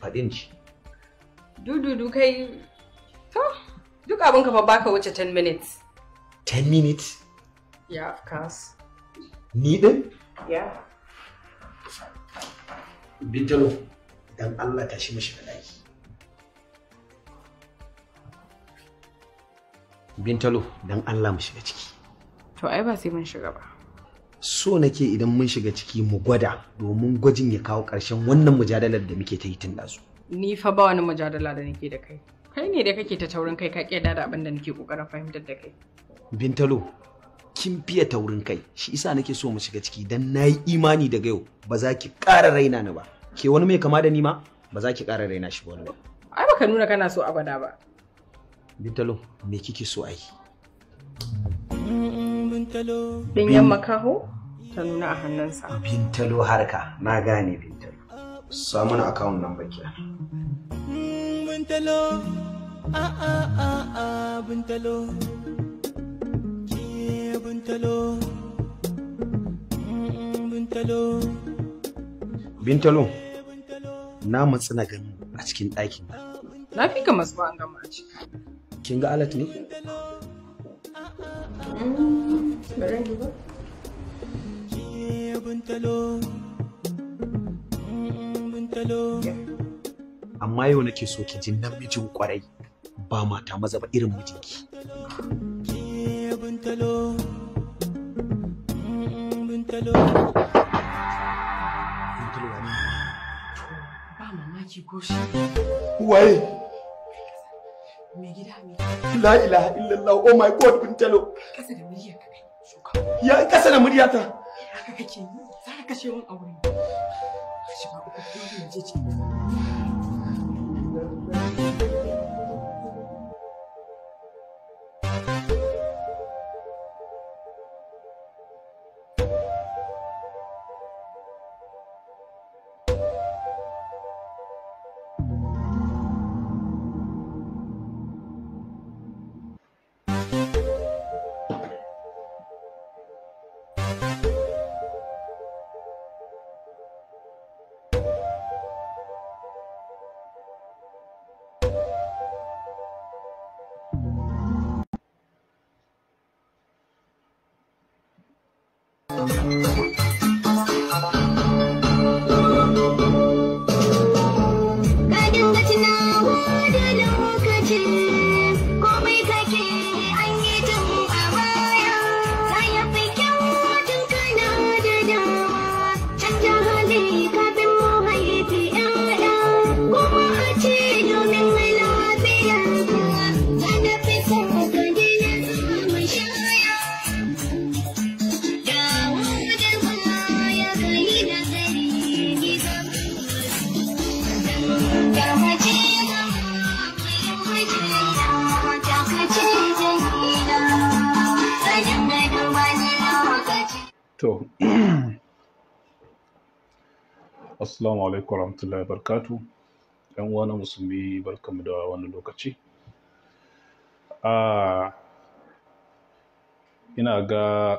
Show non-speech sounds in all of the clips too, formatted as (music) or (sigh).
faɗin ci. Dududu kai, to, duk abin ka fa baka wuce 10 minutes. 10 minutes? Ya, of course. Ni ɗin? Ya. Bidjalo, don Allah ta shi mashi ɗaki. Bintalo, don Allah mu shiga ciki. To, ai ba sai mun shiga ba. so nake idan mun shiga ciki mu gwada domin gwajin ya kawo ƙarshen wannan mujadalar da muke ta yi tun dazu. Ni fa ba wani mujadala da nake da kai. Kai ne da kake ta taurin kai ka ƙeda da abin da nake ƙoƙarin fahimtar da kai. Bintalo, kin fiye taurin kai, shi isa nake so mu shiga ciki dan nayi imani daga yau ba za ki ƙara raina ni ba. Ke wani mai kama da ni ma ba za ki ƙara raina shi ba wani. Ai baka nuna kana so abada ba. Bintalo, me kike so a bintalo makaho ta nuna a hannunsa bintalo harka na gane bintalo samun akawun nan bakiya bintalo a a a a bintalo ke bintalo bintalo bintalo na matsi na gani a cikin ɗakin na fi ka masu ba an gama a cikin kin ga alat ne Bari duba. Amma yau nake so ki ji namijin kwarai ba mata maza ba irin mijinki. Waye? Mai gida mai. La ilaha illallah oh my god buntalo. ya yi ƙasa da muryata. Haka kake yi, za ka kashe min aure. Shiga uku, je ce. To, (clears throat) Assalamu alaikum warahmatullahi barkatu, ‘yan uwana musulmi barkamu da wani lokaci. Ah, ina ga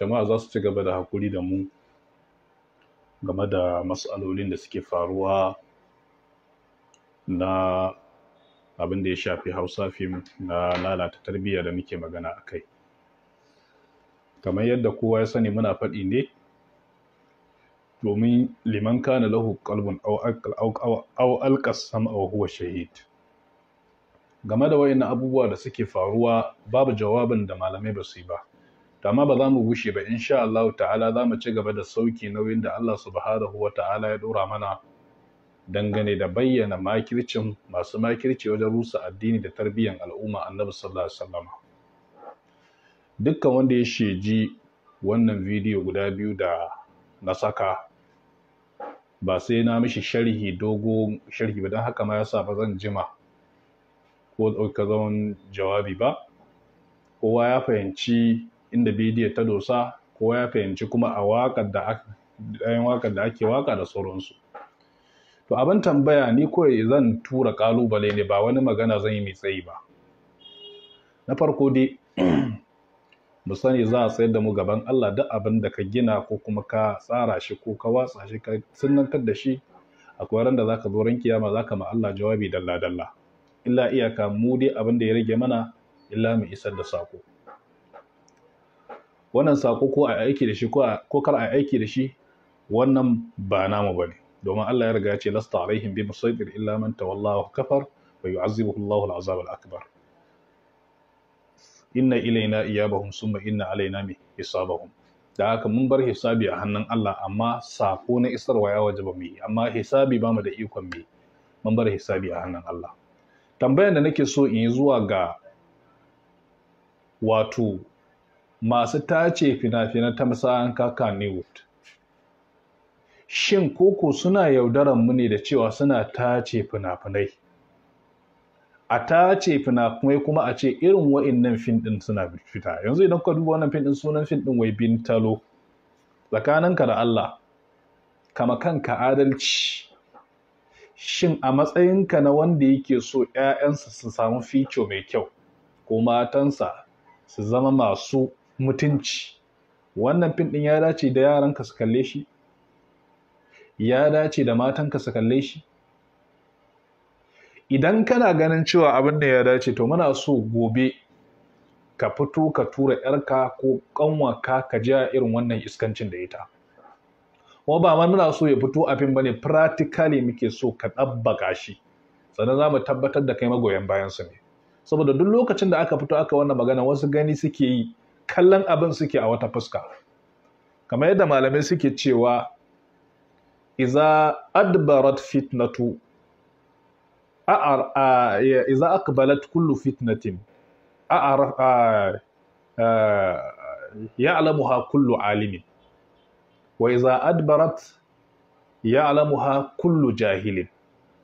jama'a za su ci gaba da haƙuri da mu game da matsalolin da suke faruwa na abin da ya shafi hausa fim na lalata tarbiyya da muke magana a kai. kamar yadda kowa ya sani muna faɗi ne domin liman kana lahu qalbun aw alqas sam'a huwa shahid game da wayannan abubuwa da suke faruwa babu jawabin da malamai ba su yi ba to amma ba za mu gushe ba insha Allah ta'ala za mu ci gaba da sauki nauyin da Allah subhanahu wa ta'ala ya dora mana dangane da bayyana makircin masu makirci wajen rusa addini da tarbiyyar al'umma annabi sallallahu alaihi wasallam dukkan wanda ya sheji wannan bidiyo guda biyu da na saka ba sai na mishi sharhi dogo sharhi ba don haka ma yasa ba zan jima ko ɗauka zaman jawabi ba kowa ya fahimci inda bidiyo ta dosa kowa ya fahimci kuma a waƙar da ɗayan waƙar da ake waƙa da sauransu to abin tambaya ni kawai zan tura ƙalubale ne ba wani magana zan yi mai tsayi ba na farko dai mu sani za a sayar da mu gaban Allah duk abin da ka gina ko kuma ka tsara shi ko ka watsa shi ka sunnantar da shi akwai ran da zaka zo ran kiyama zaka ma Allah jawabi dalla dalla illa iyaka mu dai abin da ya rage mana illa mu isar da sako wannan sako ko a aiki da shi ko kar a aiki da shi wannan ba namu ne domin Allah ya riga ya ce lasta alaihim bi musaitir illa man tawallahu kafar wa yu'azzibuhu Allahu al-azab al-akbar inna ilaina iyabahum summa inna alaina mai hisabahum da haka mun bar hisabi a hannun Allah amma sako na isarwa ya wajaba mu yi amma hisabi ba mu da ikon mu mun bar hisabi a hannun Allah tambayar da nake so in yi zuwa ga wato masu tace fina-finan tamsahan kaka Newt shin koko suna yaudaran mu ne da cewa suna tace fina-finai a tace fina-finai kuma a ce irin wa'innan fin ɗin suna fita yanzu idan ka duba wannan fin ɗin sunan fin ɗin wai talo. tsakaninka da Allah kama kanka adalci shin a matsayinka na wanda yake so ‘ya'yansa su samu fico mai kyau ko matansa su zama masu mutunci wannan fin ɗin ya dace da yaranka su kalle shi ya dace da matanka su kalle shi idan kana ganin cewa abin da ya dace to muna so gobe ka fito ka tura yarka ko kanwaka ka ji irin wannan iskancin da ita kuma ba ma muna so ya fito abin bane practically muke so ka ɗabbaka shi sannan za mu tabbatar da kai magoyan bayan su ne saboda duk lokacin da aka fito aka wannan magana wasu gani suke yi kallon abin suke a wata fuska kamar yadda malamai suke cewa iza adbarat fitnatu إذا أقبلت كل فتنة أعرف يعلمها كل عالم وإذا أدبرت يعلمها كل جاهل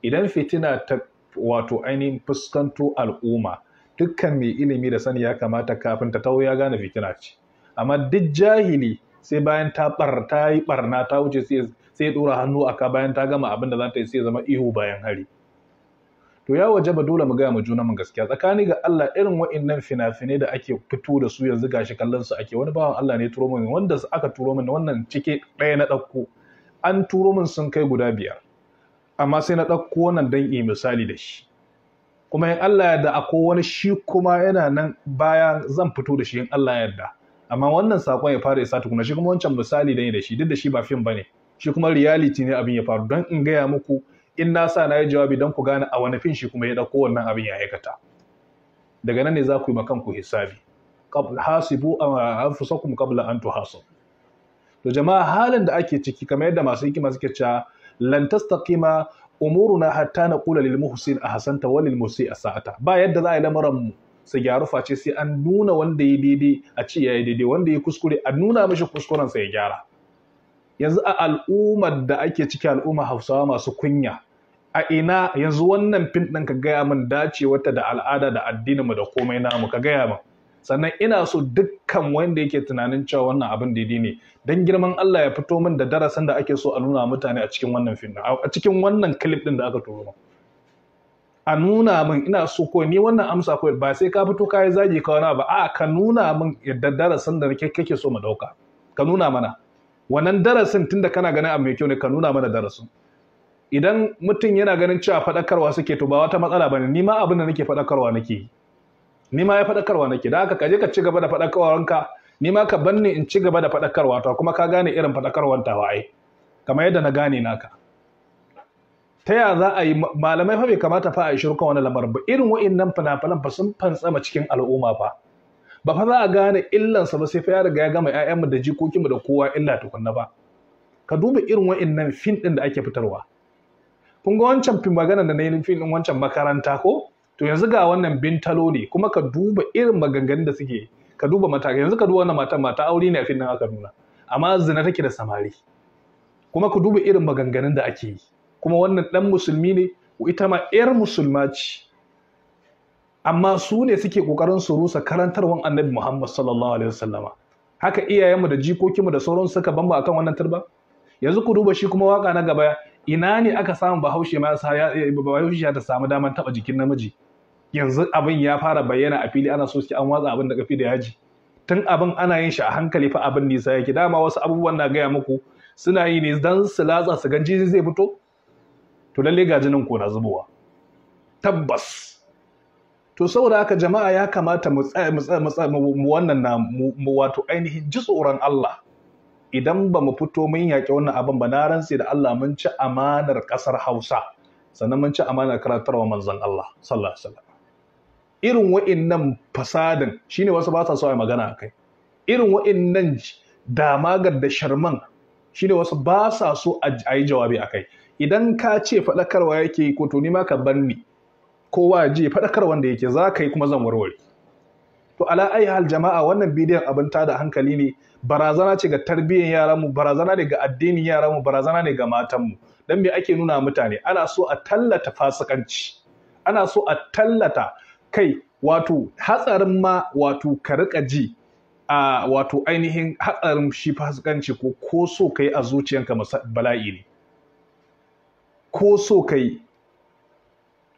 idan fitina ta wato ainihin fuskanto al'umma dukkan mai ilimi da sani ya kamata kafin ta taho ya gane fitina ce amma duk jahili sai bayan ta ta yi barna ta wuce sai ya dora hannu aka bayan ta gama abin da za ta yi sai zama ihu bayan hari to ya wajaba dole mu gaya mu juna mun gaskiya tsakani ga Allah irin wa'innan fina-finai da ake fito da su yanzu gashi kallon su ake wani bawan Allah ne turo min wanda aka turo min wannan cike ɗaya na ɗauko an turo min sun kai guda biyar amma sai na ɗauko wannan dan yi misali da shi kuma in Allah yarda akwai wani shi kuma yana nan baya zan fito da shi in Allah yarda amma wannan sakon ya fara isa tukuna shi kuma wancan misali yi da shi duk da shi ba fim bane shi kuma reality ne abin ya faru don in gaya muku in na sa na yi jawabi don ku gane a wani fin shi kuma ya ɗauko wannan abin ya aikata daga nan ne za ku yi makan ku hisabi hasibu anfusakum kabla an tuhasab to jama'a halin da ake ciki kamar yadda masu hikima suke cewa lan tastaqima umuruna hatta naqula lil muhsin ahsanta wa lil a sa'ata ba yadda za a yi lamarin mu su gyaru face sai an nuna wanda ya daidai a ce ya yi daidai wanda ya kuskure a nuna mishi kuskuren sa ya gyara yanzu a al'ummar da ake ciki al'ummar hausawa masu kunya a ina yanzu wannan fim ɗin ka gaya min dace wata da al'ada da addinin mu da komai namu ka gaya min sannan ina so dukkan wanda yake tunanin cewa wannan abin daidai ne don girman Allah ya fito min da darasin da ake so a nuna mutane a cikin wannan fim a cikin wannan clip ɗin da aka turo min a nuna min ina so ko ni wannan amsa ko ba sai ka fito kayi zagi ka wani ba a ka nuna min yadda darasin da kake so mu ɗauka ka nuna mana wannan darasin tunda kana ganin abu mai kyau ne ka nuna mana darasin idan mutum yana ganin cewa faɗakarwa suke to ba wata matsala bane ni ma abin da nake faɗakarwa nake ni ma ya faɗakarwa nake da haka kaje ka ci gaba da faɗakarwanka ni ma ka banni in ci gaba da faɗakarwa ta kuma ka gane irin faɗakarwan ta ai kamar yadda na gane naka ta ya za a yi malamai fa bai kamata fa a yi shirkan wani lamar ba irin wa'innan fina-finan ba sun fantsama cikin al'umma ba. ba fa za a gane illansa ba sai fa ya riga ya gama ƴaƴanmu da jikokinmu da kowa illa tukunna ba ka duba irin wa'innan fin ɗin da ake fitarwa kun ga wancan fin magana da na yi fin ɗin wancan makaranta ko to yanzu ga wannan bintalo ne kuma ka duba irin maganganun da suke ka duba mata yanzu ka duba wannan matan mata aure ne a fin ɗin aka nuna amma zina take da samari kuma ka duba irin maganganun da ake yi kuma wannan ɗan musulmi ne ita ma 'yar musulma ce amma su ne suke kokarin su rusa karantarwan annabi Muhammad sallallahu alaihi wasallama haka iyayenmu da jikokinmu da sauran suka bamba akan wannan turba yanzu ku duba shi kuma waka na gaba ina ne aka samu bahaushe ma eh, bahaushe ta samu daman taba jikin namiji yanzu abin ya fara bayyana a fili ana so su an watsa abin da kafi da yaji tun abin ana yin shi a hankali fa abin nisa yake dama wasu abubuwan na gaya muku suna yi ne dan su latsa su ganji zai fito to lalle ga jinin ko na zubowa tabbas to saboda haka jama'a ya kamata mu wannan na mu wato ainihin ji tsoron Allah idan ba mu fito mun yaƙi wannan abin ba na rantse da Allah mun ci amanar ƙasar Hausa sannan mun ci amanar karatarwa manzon Allah sallallahu alaihi wasallam irin wa'innan fasadin shine wasu ba sa so a magana akai irin wa'innan damagar da sharman shine wasu ba sa so a yi jawabi akai idan ka ce faɗakarwa yake ko to ni ma ka bar kowa ji faɗakar wanda yake za ka yi kuma zan warware to ala ai hal jama'a wannan bidiyon abin ta da hankali ne barazana ce ga tarbiyyar mu barazana ne ga addinin mu barazana ne ga matan mu dan me ake nuna mutane ana so a tallata fasikanci ana so a tallata kai wato hatsarin ma wato ka rika ji a wato ainihin hatsarin shi fasikanci ko ko so kai a zuciyanka bala'i ne ko so kai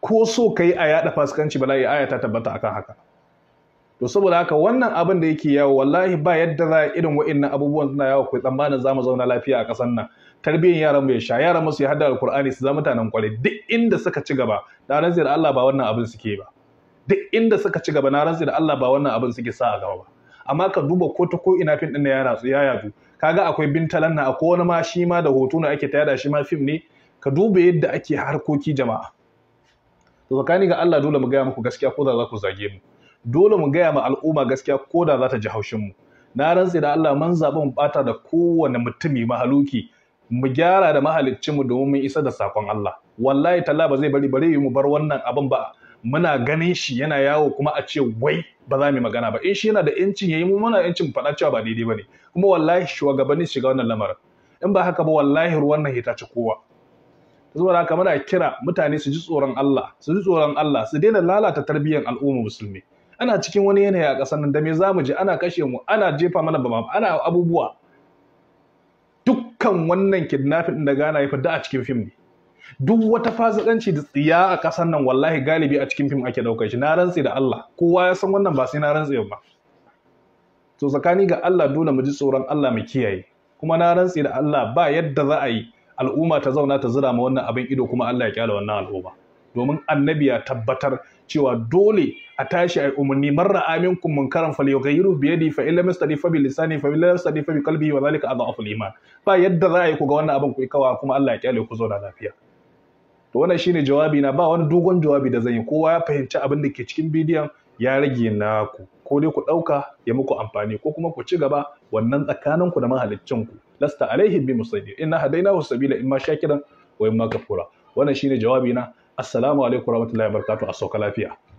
ko so ka yi a yaɗa fasikanci bala'i aya ta tabbata akan haka to saboda haka wannan abin da yake yawo wallahi ba yadda za irin wa'annan abubuwan suna yawo kai tsammanin za mu zauna lafiya a ƙasar nan tarbiyyar yaran mu ya sha yaran musu ya hada alkur'ani su zama mutanen kwarai duk inda suka ci gaba na rantsi da Allah ba wannan abin suke ba duk inda suka ci gaba na rantsi da Allah ba wannan abin suke sa a gaba ba amma ka duba ko ta ko ina fim din yara su ya yadu ga akwai bintalan na akwai wani ma shi ma da hoto na ake taya da shi ma fim ne ka duba yadda ake harkoki jama'a to tsakani ga Allah dole mu gaya muku gaskiya ko da za ku zage mu dole mu gaya ma al'umma gaskiya ko da za ta ji haushin mu na rantse da Allah man zaɓi mu bata da kowane mutumi mahaluki mu gyara da mu domin mun isa da sakon Allah wallahi talla ba zai bari bare mu bar wannan abin ba muna ganin shi yana yawo kuma a ce wai ba za mu magana ba in shi yana da yancin yayi mu muna yancin faɗa cewa ba daidai bane kuma wallahi shugabanni shiga wannan lamarin in ba haka ba wallahi ruwan nan ya ci kowa da haka mana kira mutane su ji tsoron Allah su ji tsoron Allah su daina lalata tarbiyyar al'umma musulmi ana cikin wani yanayi a ƙasar nan da me za mu ji ana kashe mu ana jefa mana bama ana abubuwa dukkan wannan kidnapping da Ghana ya fada a cikin fim ne duk wata fasikanci da tsiya a ƙasar nan wallahi galibi a cikin fim ake daukar shi na rantse da Allah kowa ya san wannan ba sai na rantsi ba to tsakani ga Allah dole mu ji tsoron Allah mu kiyaye kuma na rantse da Allah ba yadda za a yi al'umma ta zauna ta zira ma wannan abin ido kuma Allah ya kyale wannan al'umma domin annabi ya tabbatar cewa dole a tashi ai umarni marra aminkum munkaran falyughayyiru bi yadi fa illam yastadi fa bi lisani fa illam yastadi fa bi qalbi wa zalika adhafu al-iman ba yadda za a yi ku ga wannan abin ku kawa kuma Allah ya kyale ku zauna lafiya to wannan shine jawabi na ba wani dogon jawabi da zan yi kowa ya fahimci abin da ke cikin bidiyon ya rage naku ko dai ku ɗauka ya muku amfani ko kuma ku ci gaba wannan tsakaninku da mahaliccinku lasta alaihim bi musaidir inna wa sabila imma shakiran wa imma kafura wannan shine jawabi na assalamu alaikum warahmatullahi wabarakatuh a sauka lafiya